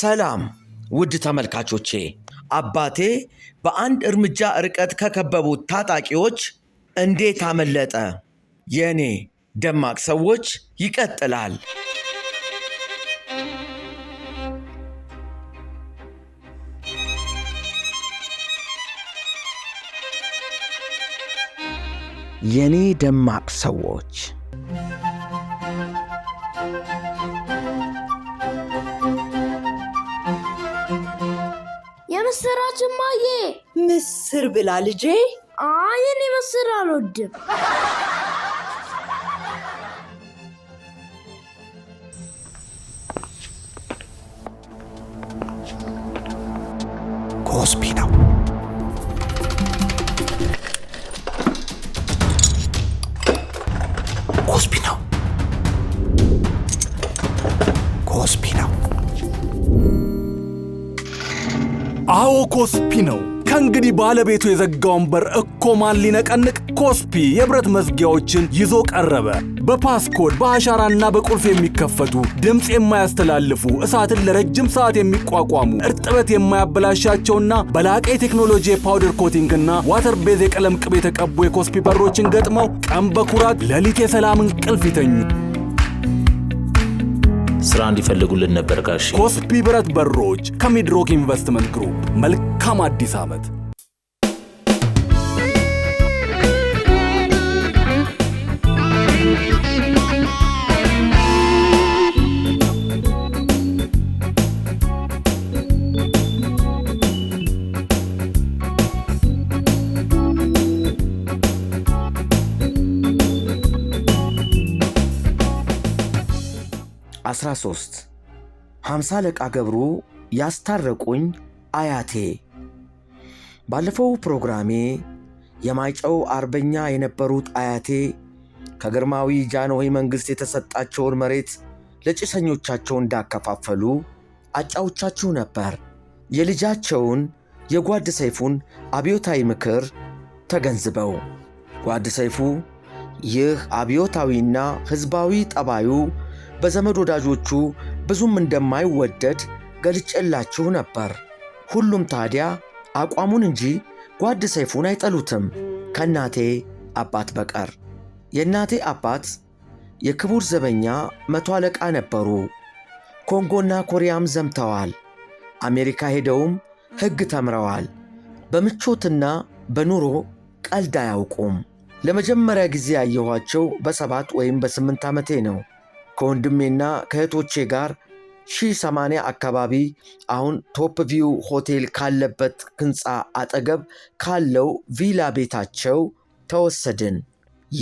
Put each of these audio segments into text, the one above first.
ሰላም ውድ ተመልካቾቼ፣ አባቴ በአንድ እርምጃ ርቀት ከከበቡት ታጣቂዎች እንዴት አመለጠ? የእኔ ደማቅ ሰዎች ይቀጥላል። የእኔ ደማቅ ሰዎች ምስራች እማዬ። ምስር ብላ ልጄ። አይ እኔ ምስር አልወድም። ኮስፒ ነው። ከእንግዲህ ባለቤቱ የዘጋውን በር እኮ ማን ሊነቀንቅ? ኮስፒ የብረት መዝጊያዎችን ይዞ ቀረበ። በፓስኮድ በአሻራና በቁልፍ የሚከፈቱ ድምፅ የማያስተላልፉ እሳትን ለረጅም ሰዓት የሚቋቋሙ እርጥበት የማያበላሻቸውና በላቀ የቴክኖሎጂ የፓውደር ኮቲንግና ዋተር ቤዝ የቀለም ቅብ የተቀቡ የኮስፒ በሮችን ገጥመው ቀን በኩራት ሌሊት የሰላም እንቅልፍ ይተኙ። ስራ እንዲፈልጉልን ነበር ጋሽ ኮስፒ ብረት በሮች ከሚድሮክ ኢንቨስትመንት ግሩፕ። መልካም አዲስ ዓመት። 13 ሃምሳ አለቃ ገብሩ ያስታረቁኝ አያቴ። ባለፈው ፕሮግራሜ የማይጨው አርበኛ የነበሩት አያቴ ከግርማዊ ጃንሆይ መንግሥት የተሰጣቸውን መሬት ለጭሰኞቻቸው እንዳከፋፈሉ አጫዎቻችሁ ነበር። የልጃቸውን የጓድ ሰይፉን አብዮታዊ ምክር ተገንዝበው ጓድ ሰይፉ ይህ አብዮታዊና ሕዝባዊ ጠባዩ በዘመድ ወዳጆቹ ብዙም እንደማይወደድ ገልጬላችሁ ነበር። ሁሉም ታዲያ አቋሙን እንጂ ጓድ ሰይፉን አይጠሉትም ከእናቴ አባት በቀር። የእናቴ አባት የክቡር ዘበኛ መቶ አለቃ ነበሩ። ኮንጎና ኮሪያም ዘምተዋል። አሜሪካ ሄደውም ሕግ ተምረዋል። በምቾትና በኑሮ ቀልድ አያውቁም። ለመጀመሪያ ጊዜ ያየኋቸው በሰባት ወይም በስምንት ዓመቴ ነው። ከወንድሜና ከእህቶቼ ጋር ሺህ ሰማንያ አካባቢ አሁን ቶፕ ቪው ሆቴል ካለበት ህንፃ አጠገብ ካለው ቪላ ቤታቸው ተወሰድን።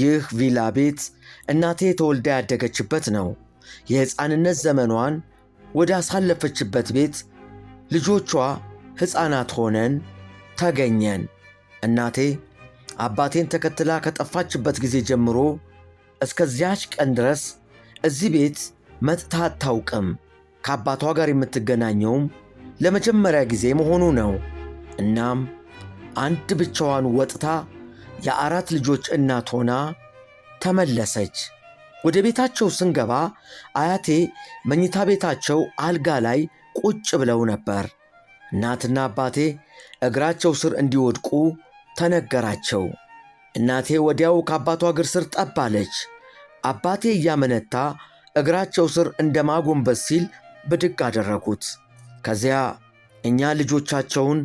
ይህ ቪላ ቤት እናቴ ተወልዳ ያደገችበት ነው። የሕፃንነት ዘመኗን ወደ አሳለፈችበት ቤት ልጆቿ ሕፃናት ሆነን ተገኘን። እናቴ አባቴን ተከትላ ከጠፋችበት ጊዜ ጀምሮ እስከዚያች ቀን ድረስ እዚህ ቤት መጥታ አታውቅም። ከአባቷ ጋር የምትገናኘውም ለመጀመሪያ ጊዜ መሆኑ ነው። እናም አንድ ብቻዋን ወጥታ የአራት ልጆች እናት ሆና ተመለሰች። ወደ ቤታቸው ስንገባ አያቴ መኝታ ቤታቸው አልጋ ላይ ቁጭ ብለው ነበር። እናትና አባቴ እግራቸው ስር እንዲወድቁ ተነገራቸው። እናቴ ወዲያው ከአባቷ እግር ስር ጠባለች። አባቴ እያመነታ እግራቸው ስር እንደ ማጎንበስ ሲል ብድግ አደረጉት። ከዚያ እኛ ልጆቻቸውን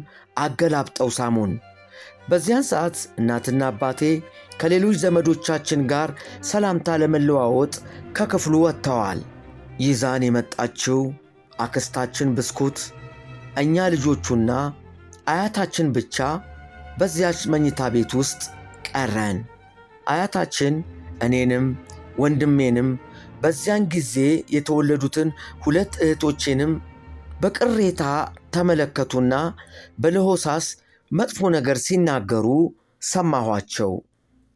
አገላብጠው ሳሙን። በዚያን ሰዓት እናትና አባቴ ከሌሎች ዘመዶቻችን ጋር ሰላምታ ለመለዋወጥ ከክፍሉ ወጥተዋል። ይዛን የመጣችው አክስታችን ብስኩት፣ እኛ ልጆቹና አያታችን ብቻ በዚያች መኝታ ቤት ውስጥ ቀረን። አያታችን እኔንም ወንድሜንም በዚያን ጊዜ የተወለዱትን ሁለት እህቶቼንም በቅሬታ ተመለከቱና በለሆሳስ መጥፎ ነገር ሲናገሩ ሰማኋቸው።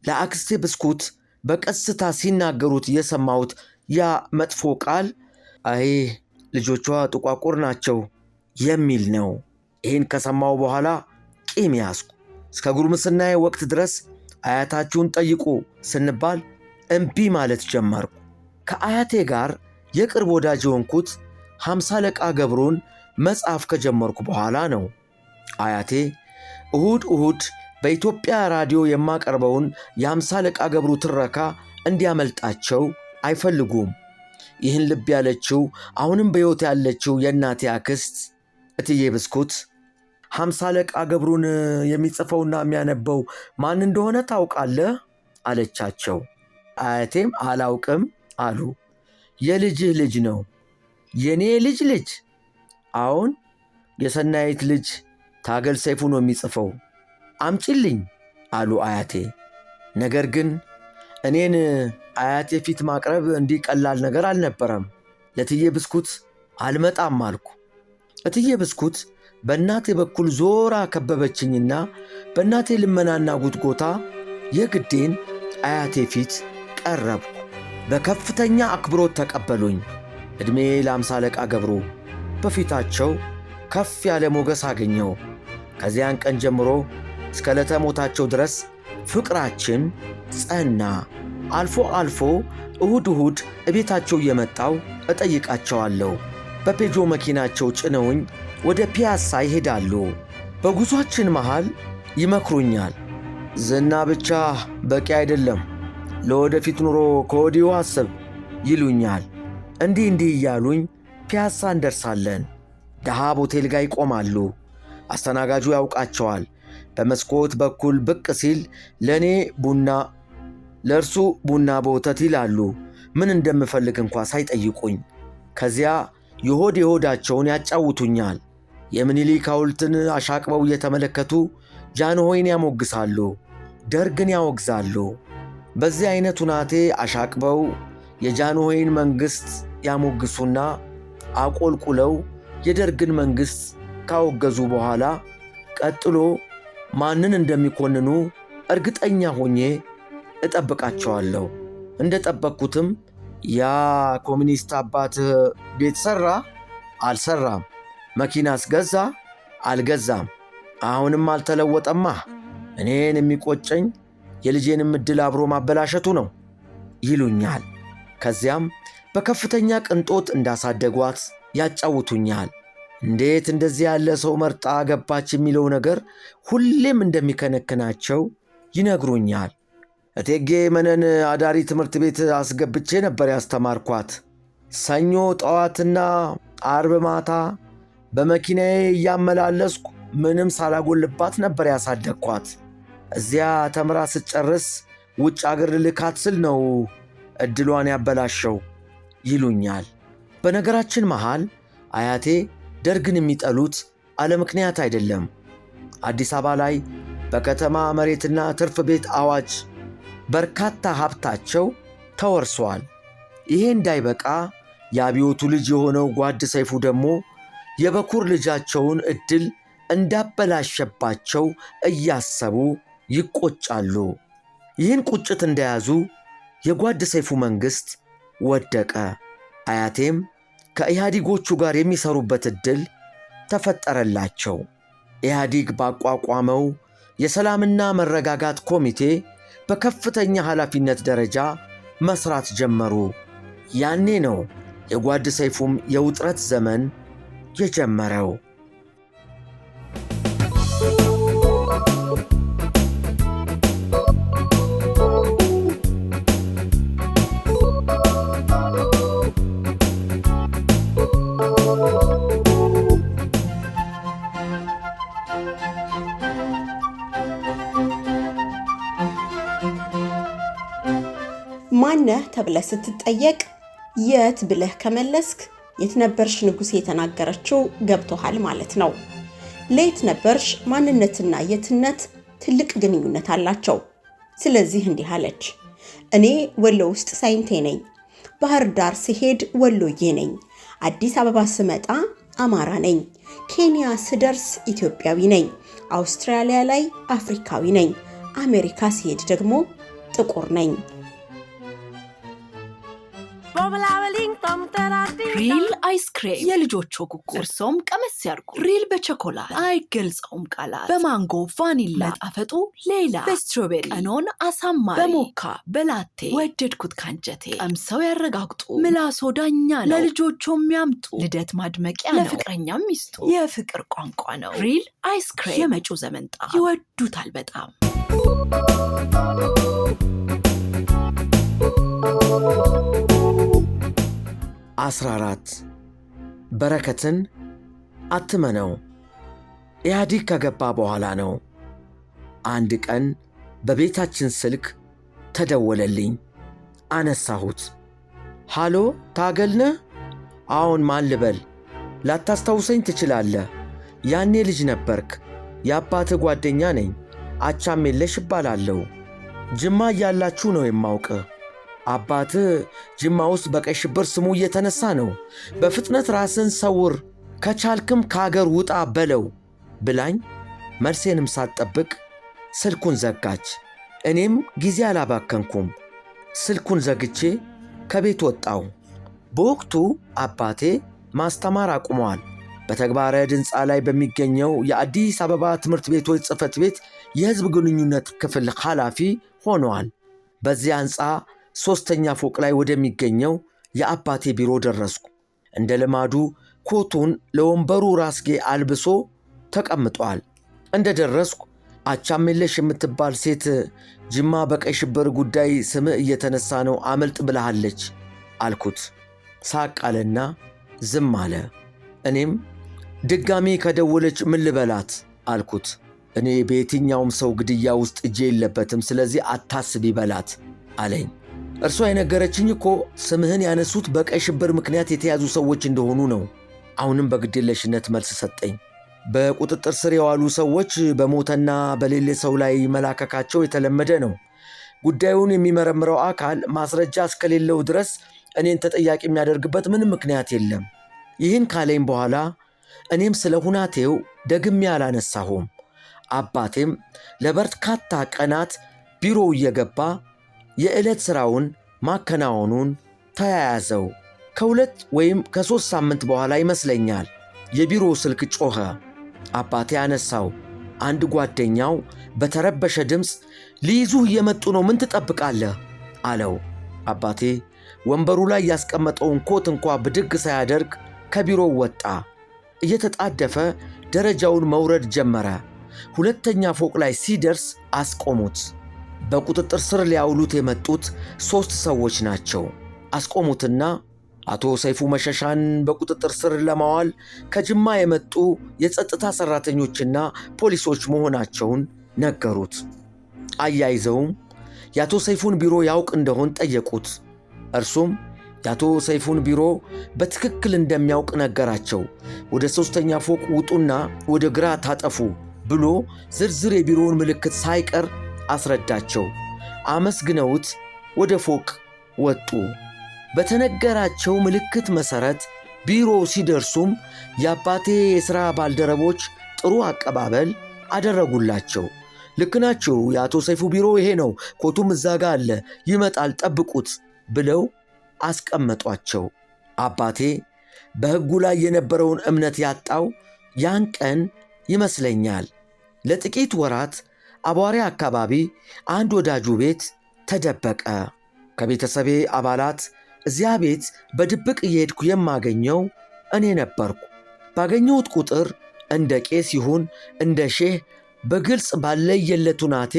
ለአክስቴ ብስኩት በቀስታ ሲናገሩት የሰማሁት ያ መጥፎ ቃል አይ ልጆቿ ጥቋቁር ናቸው የሚል ነው። ይህን ከሰማሁ በኋላ ቂም ያዝኩ። እስከ ጉርምስናዬ ወቅት ድረስ አያታችሁን ጠይቁ ስንባል እምቢ ማለት ጀመርኩ። ከአያቴ ጋር የቅርብ ወዳጅ የሆንኩት ሃምሳ አለቃ ገብሩን መጽሐፍ ከጀመርኩ በኋላ ነው። አያቴ እሁድ እሁድ በኢትዮጵያ ራዲዮ የማቀርበውን የአምሳ አለቃ ገብሩ ትረካ እንዲያመልጣቸው አይፈልጉም። ይህን ልብ ያለችው አሁንም በሕይወት ያለችው የእናቴ አክስት እትዬ ብስኩት ሀምሳ አለቃ ገብሩን የሚጽፈውና የሚያነበው ማን እንደሆነ ታውቃለህ? አለቻቸው። አያቴም አላውቅም አሉ። የልጅህ ልጅ ነው። የእኔ ልጅ ልጅ አሁን የሰናይት ልጅ ታገል ሰይፉ ነው የሚጽፈው አምጪልኝ አሉ አያቴ። ነገር ግን እኔን አያቴ ፊት ማቅረብ እንዲህ ቀላል ነገር አልነበረም። ለትዬ ብስኩት አልመጣም አልኩ። እትዬ ብስኩት በእናቴ በኩል ዞራ ከበበችኝና በእናቴ ልመናና ጉትጎታ የግዴን አያቴ ፊት ቀረብኩ። በከፍተኛ አክብሮት ተቀበሉኝ። ዕድሜ ለአምሳ አለቃ ገብሩ በፊታቸው ከፍ ያለ ሞገስ አገኘው። ከዚያን ቀን ጀምሮ እስከ ዕለተ ሞታቸው ድረስ ፍቅራችን ጸና። አልፎ አልፎ እሁድ እሁድ እቤታቸው እየመጣው እጠይቃቸዋለሁ። በፔጆ መኪናቸው ጭነውኝ ወደ ፒያሳ ይሄዳሉ። በጉዟችን መሃል ይመክሩኛል። ዝና ብቻ በቂ አይደለም ለወደፊት ኑሮ ከወዲሁ አስብ ይሉኛል። እንዲህ እንዲህ እያሉኝ ፒያሳ እንደርሳለን። ደሃብ ሆቴል ጋር ይቆማሉ። አስተናጋጁ ያውቃቸዋል። በመስኮት በኩል ብቅ ሲል ለእኔ ቡና ለእርሱ ቡና በወተት ይላሉ፣ ምን እንደምፈልግ እንኳ ሳይጠይቁኝ። ከዚያ የሆድ የሆዳቸውን ያጫውቱኛል። የምኒልክ ሐውልትን አሻቅበው እየተመለከቱ ጃንሆይን ያሞግሳሉ፣ ደርግን ያወግዛሉ። በዚህ አይነት ሁናቴ አሻቅበው የጃንሆይን መንግሥት ያሞግሱና አቆልቁለው የደርግን መንግሥት ካወገዙ በኋላ ቀጥሎ ማንን እንደሚኮንኑ እርግጠኛ ሆኜ እጠብቃቸዋለሁ። እንደ ጠበቅኩትም ያ ኮሚኒስት አባትህ ቤት ሠራ አልሠራም፣ መኪና ስገዛ አልገዛም፣ አሁንም አልተለወጠማ። እኔን የሚቆጨኝ የልጄንም ዕድል አብሮ ማበላሸቱ ነው ይሉኛል። ከዚያም በከፍተኛ ቅንጦት እንዳሳደጓት ያጫውቱኛል። እንዴት እንደዚህ ያለ ሰው መርጣ ገባች የሚለው ነገር ሁሌም እንደሚከነክናቸው ይነግሩኛል። እቴጌ መነን አዳሪ ትምህርት ቤት አስገብቼ ነበር ያስተማርኳት። ሰኞ ጠዋትና አርብ ማታ በመኪናዬ እያመላለስኩ ምንም ሳላጎልባት ነበር ያሳደግኳት። እዚያ ተምራ ስትጨርስ ውጭ አገር ልልካት ስል ነው ዕድሏን ያበላሸው ይሉኛል። በነገራችን መሃል አያቴ ደርግን የሚጠሉት አለ ምክንያት አይደለም። አዲስ አበባ ላይ በከተማ መሬትና ትርፍ ቤት አዋጅ በርካታ ሀብታቸው ተወርሷል። ይሄ እንዳይበቃ የአብዮቱ ልጅ የሆነው ጓድ ሰይፉ ደግሞ የበኩር ልጃቸውን ዕድል እንዳበላሸባቸው እያሰቡ ይቆጫሉ። ይህን ቁጭት እንደያዙ የጓድ ሰይፉ መንግሥት ወደቀ። አያቴም ከኢህአዲጎቹ ጋር የሚሰሩበት ዕድል ተፈጠረላቸው። ኢህአዲግ ባቋቋመው የሰላምና መረጋጋት ኮሚቴ በከፍተኛ ኃላፊነት ደረጃ መሥራት ጀመሩ። ያኔ ነው የጓድ ሰይፉም የውጥረት ዘመን የጀመረው። ተብለህ ስትጠየቅ የት ብለህ ከመለስክ የት ነበርሽ ንጉሴ የተናገረችው ገብቶሃል ማለት ነው። ለየት ነበርሽ ማንነትና የትነት ትልቅ ግንኙነት አላቸው። ስለዚህ እንዲህ አለች፣ እኔ ወሎ ውስጥ ሳይንቴ ነኝ፣ ባህር ዳር ስሄድ ወሎዬ ነኝ፣ አዲስ አበባ ስመጣ አማራ ነኝ፣ ኬንያ ስደርስ ኢትዮጵያዊ ነኝ፣ አውስትራሊያ ላይ አፍሪካዊ ነኝ፣ አሜሪካ ስሄድ ደግሞ ጥቁር ነኝ ሪል አይስክሬም የልጆቹ ጉጉ፣ እርሶም ቀመስ ያርጉ። ሪል በቸኮላት አይገልጸውም ቃላት፣ በማንጎ ቫኒላ ጣፈጡ ሌላ፣ በስትሮቤሪ ቀኖን አሳማሪ፣ በሞካ በላቴ ወደድኩት ካንጀቴ። ቀምሰው ያረጋግጡ፣ ምላሶ ዳኛ ነው። ለልጆቹ የሚያምጡ ልደት ማድመቂያ ነው፣ ለፍቅረኛም ሚስጡ የፍቅር ቋንቋ ነው። ሪል አይስክሬም የመጪው ዘመን ጣ ይወዱታል በጣም። Thank you. 14 በረከትን አትመነው ኢህአዲግ ከገባ በኋላ ነው። አንድ ቀን በቤታችን ስልክ ተደወለልኝ። አነሳሁት። ሃሎ ታገልነ? አሁን አዎን፣ ማን ልበል? ላታስታውሰኝ ትችላለህ። ያኔ ልጅ ነበርክ። የአባትህ ጓደኛ ነኝ። የለሽ እባላለሁ። ጅማ እያላችሁ ነው የማውቅህ አባት ጅማ ውስጥ በቀይ ሽብር ስሙ እየተነሳ ነው። በፍጥነት ራስን ሰውር፣ ከቻልክም ከአገር ውጣ በለው ብላኝ፣ መልሴንም ሳትጠብቅ ስልኩን ዘጋች። እኔም ጊዜ አላባከንኩም። ስልኩን ዘግቼ ከቤት ወጣው። በወቅቱ አባቴ ማስተማር አቁመዋል። በተግባረ ድንፃ ላይ በሚገኘው የአዲስ አበባ ትምህርት ቤቶች ጽህፈት ቤት የሕዝብ ግንኙነት ክፍል ኃላፊ ሆነዋል። በዚህ ሕንፃ ሦስተኛ ፎቅ ላይ ወደሚገኘው የአባቴ ቢሮ ደረስኩ። እንደ ልማዱ ኮቱን ለወንበሩ ራስጌ አልብሶ ተቀምጧል። እንደ ደረስኩ አቻሜለሽ የምትባል ሴት ጅማ በቀይ ሽብር ጉዳይ ስም እየተነሳ ነው አመልጥ ብለሃለች አልኩት። ሳቅ አለና ዝም አለ። እኔም ድጋሚ ከደወለች ምን ልበላት አልኩት። እኔ በየትኛውም ሰው ግድያ ውስጥ እጄ የለበትም፣ ስለዚህ አታስቢ በላት አለኝ። እርሷ የነገረችኝ እኮ ስምህን ያነሱት በቀይ ሽብር ምክንያት የተያዙ ሰዎች እንደሆኑ ነው። አሁንም በግዴለሽነት መልስ ሰጠኝ። በቁጥጥር ስር የዋሉ ሰዎች በሞተና በሌለ ሰው ላይ መላከካቸው የተለመደ ነው። ጉዳዩን የሚመረምረው አካል ማስረጃ እስከሌለው ድረስ እኔን ተጠያቂ የሚያደርግበት ምንም ምክንያት የለም። ይህን ካለኝ በኋላ እኔም ስለ ሁናቴው ደግሜ አላነሳሁም። አባቴም ለበርካታ ቀናት ቢሮው እየገባ የዕለት ሥራውን ማከናወኑን ተያያዘው። ከሁለት ወይም ከሦስት ሳምንት በኋላ ይመስለኛል የቢሮ ስልክ ጮኸ። አባቴ አነሳው። አንድ ጓደኛው በተረበሸ ድምፅ ሊይዙህ እየመጡ ነው፣ ምን ትጠብቃለህ? አለው። አባቴ ወንበሩ ላይ ያስቀመጠውን ኮት እንኳ ብድግ ሳያደርግ ከቢሮው ወጣ። እየተጣደፈ ደረጃውን መውረድ ጀመረ። ሁለተኛ ፎቅ ላይ ሲደርስ አስቆሙት። በቁጥጥር ስር ሊያውሉት የመጡት ሦስት ሰዎች ናቸው። አስቆሙትና አቶ ሰይፉ መሸሻን በቁጥጥር ስር ለማዋል ከጅማ የመጡ የጸጥታ ሠራተኞችና ፖሊሶች መሆናቸውን ነገሩት። አያይዘውም የአቶ ሰይፉን ቢሮ ያውቅ እንደሆን ጠየቁት። እርሱም የአቶ ሰይፉን ቢሮ በትክክል እንደሚያውቅ ነገራቸው። ወደ ሦስተኛ ፎቅ ውጡና ወደ ግራ ታጠፉ ብሎ ዝርዝር የቢሮውን ምልክት ሳይቀር አስረዳቸው። አመስግነውት ወደ ፎቅ ወጡ። በተነገራቸው ምልክት መሠረት ቢሮ ሲደርሱም የአባቴ የሥራ ባልደረቦች ጥሩ አቀባበል አደረጉላቸው። ልክናችሁ የአቶ ሰይፉ ቢሮ ይሄ ነው፣ ኮቱም እዛ ጋ አለ፣ ይመጣል ጠብቁት ብለው አስቀመጧቸው። አባቴ በሕጉ ላይ የነበረውን እምነት ያጣው ያን ቀን ይመስለኛል። ለጥቂት ወራት አቧሪ አካባቢ አንድ ወዳጁ ቤት ተደበቀ። ከቤተሰቤ አባላት እዚያ ቤት በድብቅ እየሄድኩ የማገኘው እኔ ነበርኩ። ባገኘሁት ቁጥር እንደ ቄስ ይሁን እንደ ሼህ በግልጽ ባለየለት ሁናቴ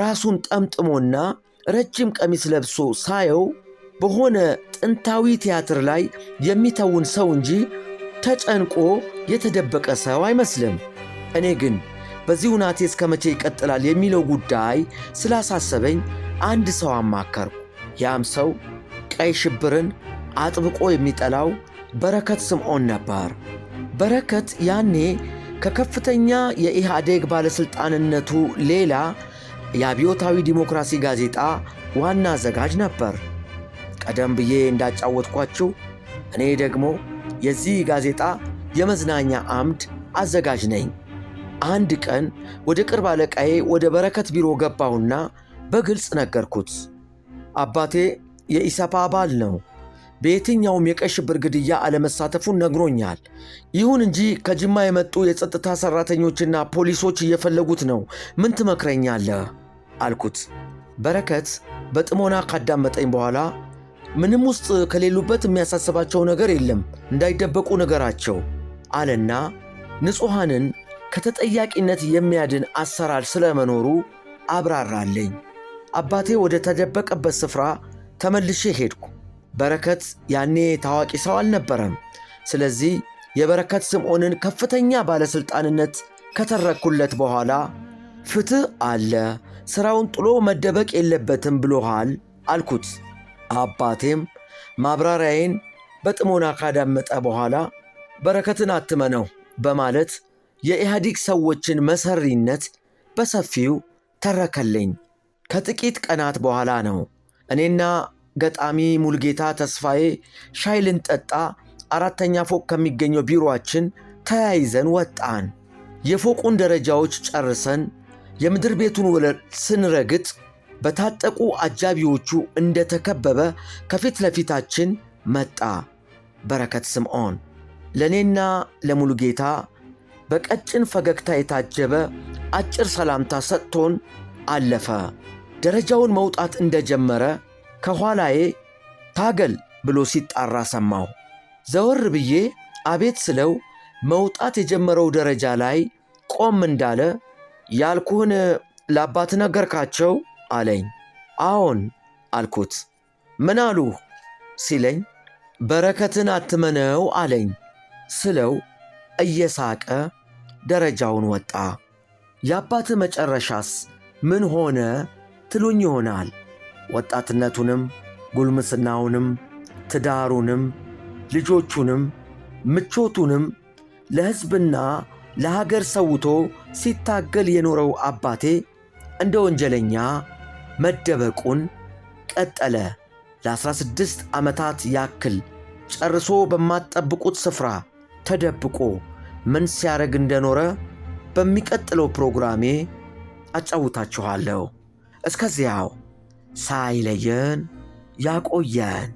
ራሱን ጠምጥሞና ረጅም ቀሚስ ለብሶ ሳየው በሆነ ጥንታዊ ቲያትር ላይ የሚተውን ሰው እንጂ ተጨንቆ የተደበቀ ሰው አይመስልም። እኔ ግን በዚህ ሁናቴ እስከ መቼ ይቀጥላል የሚለው ጉዳይ ስላሳሰበኝ አንድ ሰው አማከርኩ። ያም ሰው ቀይ ሽብርን አጥብቆ የሚጠላው በረከት ስምዖን ነበር። በረከት ያኔ ከከፍተኛ የኢህአዴግ ባለሥልጣንነቱ ሌላ የአብዮታዊ ዲሞክራሲ ጋዜጣ ዋና አዘጋጅ ነበር። ቀደም ብዬ እንዳጫወትኳችሁ እኔ ደግሞ የዚህ ጋዜጣ የመዝናኛ አምድ አዘጋጅ ነኝ። አንድ ቀን ወደ ቅርብ አለቃዬ ወደ በረከት ቢሮ ገባውና በግልጽ ነገርኩት። አባቴ የኢሰፓ አባል ነው። በየትኛውም የቀይ ሽብር ግድያ አለመሳተፉን ነግሮኛል። ይሁን እንጂ ከጅማ የመጡ የጸጥታ ሠራተኞችና ፖሊሶች እየፈለጉት ነው። ምን ትመክረኛለህ? አልኩት። በረከት በጥሞና ካዳመጠኝ በኋላ ምንም ውስጥ ከሌሉበት የሚያሳስባቸው ነገር የለም፣ እንዳይደበቁ ነገራቸው አለና ንጹሐንን ከተጠያቂነት የሚያድን አሰራር ስለመኖሩ አብራራለኝ። አባቴ ወደ ተደበቀበት ስፍራ ተመልሼ ሄድኩ። በረከት ያኔ ታዋቂ ሰው አልነበረም። ስለዚህ የበረከት ስምዖንን ከፍተኛ ባለሥልጣንነት ከተረኩለት በኋላ ፍትሕ አለ፣ ሥራውን ጥሎ መደበቅ የለበትም ብሎሃል አልኩት። አባቴም ማብራሪያዬን በጥሞና ካዳመጠ በኋላ በረከትን አትመነው በማለት የኢህአዲግ ሰዎችን መሰሪነት በሰፊው ተረከልኝ። ከጥቂት ቀናት በኋላ ነው እኔና ገጣሚ ሙልጌታ ተስፋዬ ሻይ ልንጠጣ አራተኛ ፎቅ ከሚገኘው ቢሮአችን ተያይዘን ወጣን። የፎቁን ደረጃዎች ጨርሰን የምድር ቤቱን ወለል ስንረግጥ በታጠቁ አጃቢዎቹ እንደተከበበ ከፊት ለፊታችን መጣ። በረከት ስምዖን ለእኔና ለሙሉጌታ በቀጭን ፈገግታ የታጀበ አጭር ሰላምታ ሰጥቶን አለፈ። ደረጃውን መውጣት እንደጀመረ ከኋላዬ ታገል ብሎ ሲጣራ ሰማሁ። ዘወር ብዬ አቤት ስለው መውጣት የጀመረው ደረጃ ላይ ቆም እንዳለ ያልኩህን ለአባት ነገርካቸው አለኝ። አዎን አልኩት። ምን አሉህ ሲለኝ በረከትን አትመነው አለኝ ስለው እየሳቀ ደረጃውን ወጣ። የአባት መጨረሻስ ምን ሆነ ትሉኝ ይሆናል። ወጣትነቱንም ጉልምስናውንም ትዳሩንም ልጆቹንም ምቾቱንም ለሕዝብና ለሀገር ሰውቶ ሲታገል የኖረው አባቴ እንደ ወንጀለኛ መደበቁን ቀጠለ። ለ16 ዓመታት ያክል ጨርሶ በማትጠብቁት ስፍራ ተደብቆ ምን ሲያደርግ እንደኖረ በሚቀጥለው ፕሮግራሜ አጫውታችኋለሁ። እስከዚያው ሳይለየን ያቆየን።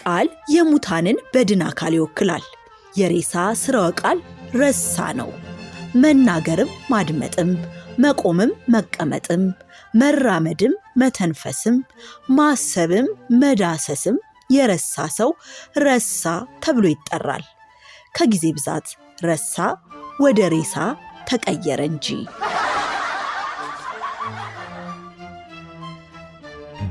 ቃል የሙታንን በድን አካል ይወክላል። የሬሳ ስራው ቃል ረሳ ነው። መናገርም ማድመጥም መቆምም መቀመጥም መራመድም መተንፈስም ማሰብም መዳሰስም የረሳ ሰው ረሳ ተብሎ ይጠራል። ከጊዜ ብዛት ረሳ ወደ ሬሳ ተቀየረ እንጂ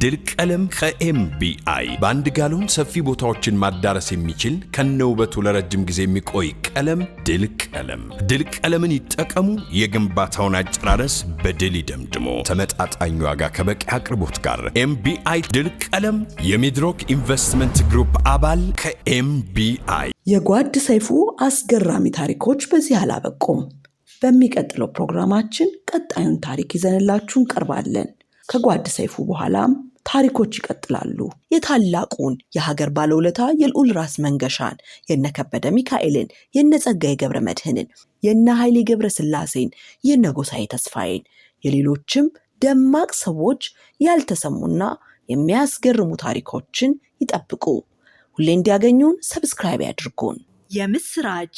ድል ቀለም ከኤምቢአይ በአንድ ጋሎን ሰፊ ቦታዎችን ማዳረስ የሚችል ከነውበቱ ለረጅም ጊዜ የሚቆይ ቀለም ድል ቀለም። ድል ቀለምን ይጠቀሙ። የግንባታውን አጨራረስ በድል ይደምድሞ። ተመጣጣኝ ዋጋ ከበቂ አቅርቦት ጋር ኤምቢአይ ድል ቀለም የሚድሮክ ኢንቨስትመንት ግሩፕ አባል ከኤምቢአይ። የጓድ ሰይፉ አስገራሚ ታሪኮች በዚህ አላበቁም። በሚቀጥለው ፕሮግራማችን ቀጣዩን ታሪክ ይዘንላችሁ እንቀርባለን። ከጓድ ሰይፉ በኋላም ታሪኮች ይቀጥላሉ። የታላቁን የሀገር ባለውለታ የልዑል ራስ መንገሻን፣ የነከበደ ሚካኤልን፣ የነጸጋዬ ገብረ መድህንን፣ የነ ኃይሌ ገብረ ስላሴን፣ የነ ጎሳዬ ተስፋዬን፣ የሌሎችም ደማቅ ሰዎች ያልተሰሙና የሚያስገርሙ ታሪኮችን ይጠብቁ። ሁሌ እንዲያገኙን ሰብስክራይብ ያድርጉን። የምስራች